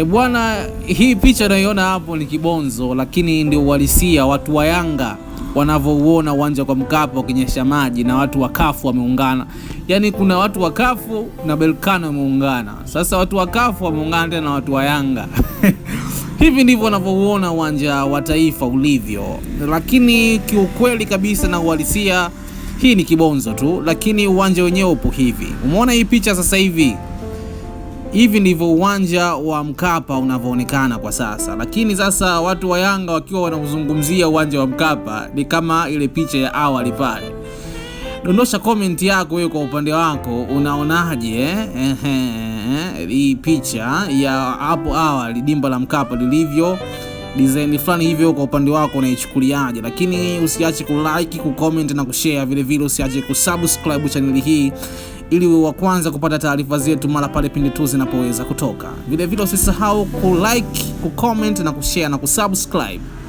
E bwana, hii picha unayoiona hapo ni kibonzo, lakini ndio uhalisia watu wa Yanga wanavyouona uwanja kwa Mkapa wakinyesha maji na watu wa Kafu wameungana. Yaani kuna watu wa Kafu na Belkano wameungana. Sasa watu wa Kafu wameungana tena na watu wa Yanga hivi ndivyo wanavyouona uwanja wa Taifa ulivyo, lakini kiukweli kabisa na uhalisia hii ni kibonzo tu, lakini uwanja wenyewe upo hivi. Umeona hii picha sasa hivi Hivi ndivyo uwanja wa Mkapa unavyoonekana kwa sasa, lakini sasa watu wa Yanga wakiwa wanauzungumzia uwanja wa Mkapa ni kama ile picha ya awali pale. Dondosha komenti yako wewe kwa upande wako, unaonaje eh, hii picha ya hapo awali dimba la Mkapa lilivyo design fulani hivyo, kwa upande wako unaichukuliaje? Lakini usiache kulike, kucomment na kushare, vilevile usiache kusubscribe chaneli hii ili uwe wa kwanza kupata taarifa zetu mara pale pindi tu zinapoweza kutoka. Vilevile usisahau kulike, kucomment na kushare na kusubscribe.